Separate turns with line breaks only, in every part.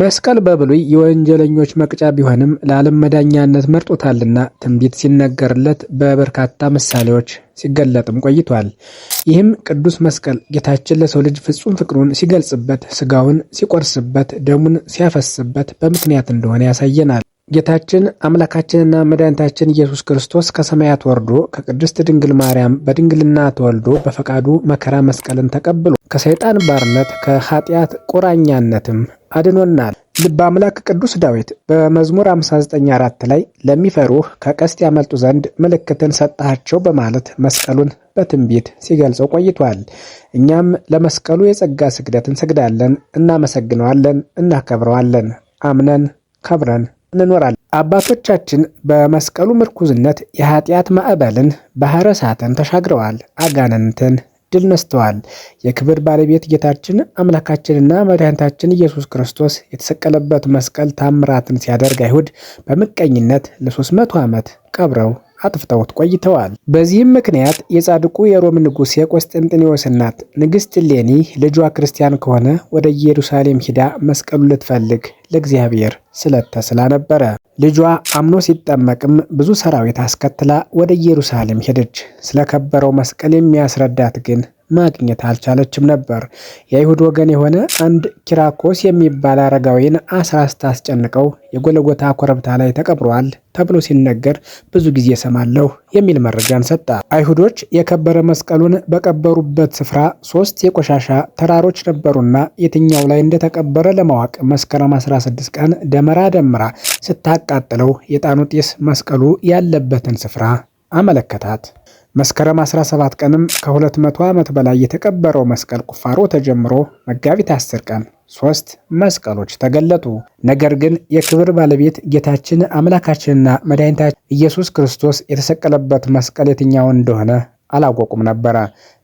መስቀል በብሉይ የወንጀለኞች መቅጫ ቢሆንም ለዓለም መዳኛነት መርጦታልና ትንቢት ሲነገርለት በበርካታ ምሳሌዎች ሲገለጥም ቆይቷል። ይህም ቅዱስ መስቀል ጌታችን ለሰው ልጅ ፍጹም ፍቅሩን ሲገልጽበት፣ ስጋውን ሲቆርስበት፣ ደሙን ሲያፈስበት በምክንያት እንደሆነ ያሳየናል። ጌታችን አምላካችንና መድኃኒታችን ኢየሱስ ክርስቶስ ከሰማያት ወርዶ ከቅድስት ድንግል ማርያም በድንግልና ተወልዶ በፈቃዱ መከራ መስቀልን ተቀብሎ ከሰይጣን ባርነት ከኃጢአት ቁራኛነትም አድኖናል። ልበ አምላክ ቅዱስ ዳዊት በመዝሙር 594 ላይ ለሚፈሩህ ከቀስት ያመልጡ ዘንድ ምልክትን ሰጠሃቸው በማለት መስቀሉን በትንቢት ሲገልጸው ቆይቷል። እኛም ለመስቀሉ የጸጋ ስግደት እንሰግዳለን፣ እናመሰግነዋለን፣ እናከብረዋለን። አምነን ከብረን እንኖራለን። አባቶቻችን በመስቀሉ ምርኩዝነት የኃጢአት ማዕበልን ባህረ ሳትን ተሻግረዋል። አጋንንትን ድል ነስተዋል። የክብር ባለቤት ጌታችን አምላካችንና መድኃኒታችን ኢየሱስ ክርስቶስ የተሰቀለበት መስቀል ታምራትን ሲያደርግ አይሁድ በምቀኝነት ለ300 ዓመት ቀብረው አጥፍተውት ቆይተዋል። በዚህም ምክንያት የጻድቁ የሮም ንጉሥ የቆስጠንጥኔዎስ እናት ንግሥት እሌኒ ልጇ ክርስቲያን ከሆነ ወደ ኢየሩሳሌም ሂዳ መስቀሉ ልትፈልግ ለእግዚአብሔር ስለት ተስላ ነበረ። ልጇ አምኖ ሲጠመቅም ብዙ ሰራዊት አስከትላ ወደ ኢየሩሳሌም ሄደች። ስለከበረው መስቀል የሚያስረዳት ግን ማግኘት አልቻለችም ነበር። የአይሁድ ወገን የሆነ አንድ ኪራኮስ የሚባል አረጋዊን አሳ አስጨንቀው የጎለጎታ ኮረብታ ላይ ተቀብሯል ተብሎ ሲነገር ብዙ ጊዜ ሰማለሁ የሚል መረጃን ሰጣ። አይሁዶች የከበረ መስቀሉን በቀበሩበት ስፍራ ሶስት የቆሻሻ ተራሮች ነበሩና የትኛው ላይ እንደተቀበረ ለማወቅ መስከረም 16 ቀን ደመራ ደምራ ስታቃጥለው የጣኑ ጢስ መስቀሉ ያለበትን ስፍራ አመለከታት። መስከረም 17 ቀንም ከ200 ዓመት በላይ የተቀበረው መስቀል ቁፋሮ ተጀምሮ መጋቢት 10 ቀን ሶስት መስቀሎች ተገለጡ። ነገር ግን የክብር ባለቤት ጌታችን አምላካችንና መድኃኒታችን ኢየሱስ ክርስቶስ የተሰቀለበት መስቀል የትኛው እንደሆነ አላወቁም ነበረ።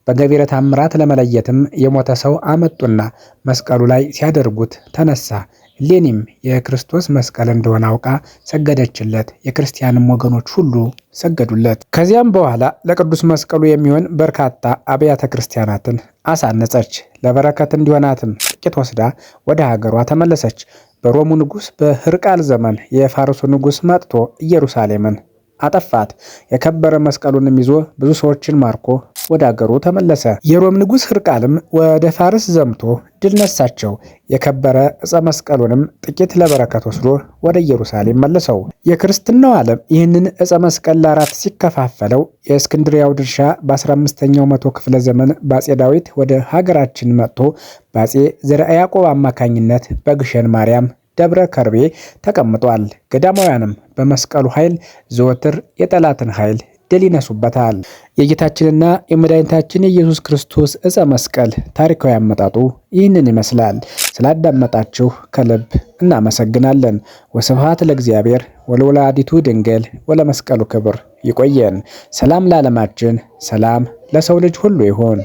በገቢረ ታምራት ለመለየትም የሞተ ሰው አመጡና መስቀሉ ላይ ሲያደርጉት ተነሳ። ሌኒም የክርስቶስ መስቀል እንደሆነ አውቃ ሰገደችለት። የክርስቲያንም ወገኖች ሁሉ ሰገዱለት። ከዚያም በኋላ ለቅዱስ መስቀሉ የሚሆን በርካታ አብያተ ክርስቲያናትን አሳነጸች። ለበረከት እንዲሆናትም ጥቂት ወስዳ ወደ ሀገሯ ተመለሰች። በሮሙ ንጉሥ በህርቃል ዘመን የፋርሱ ንጉሥ መጥቶ ኢየሩሳሌምን አጠፋት። የከበረ መስቀሉንም ይዞ ብዙ ሰዎችን ማርኮ ወደ አገሩ ተመለሰ። የሮም ንጉሥ ህርቃልም ወደ ፋርስ ዘምቶ ድል ነሳቸው። የከበረ ዕፀ መስቀሉንም ጥቂት ለበረከት ወስዶ ወደ ኢየሩሳሌም መለሰው። የክርስትናው ዓለም ይህንን ዕፀ መስቀል ለአራት ሲከፋፈለው የእስክንድሪያው ድርሻ በ15ኛው መቶ ክፍለ ዘመን በአፄ ዳዊት ወደ ሀገራችን መጥቶ በአፄ ዘርዓ ያዕቆብ አማካኝነት በግሸን ማርያም ደብረ ከርቤ ተቀምጧል። ገዳማውያንም በመስቀሉ ኃይል ዘወትር የጠላትን ኃይል ድል ይነሱበታል። የጌታችንና የመድኃኒታችን የኢየሱስ ክርስቶስ ዕፀ መስቀል ታሪካዊ አመጣጡ ይህንን ይመስላል። ስላዳመጣችሁ ከልብ እናመሰግናለን። ወስብሐት ለእግዚአብሔር ወለወላዲቱ ድንግል ወለመስቀሉ ክብር። ይቆየን። ሰላም ለዓለማችን፣ ሰላም ለሰው ልጅ ሁሉ ይሆን።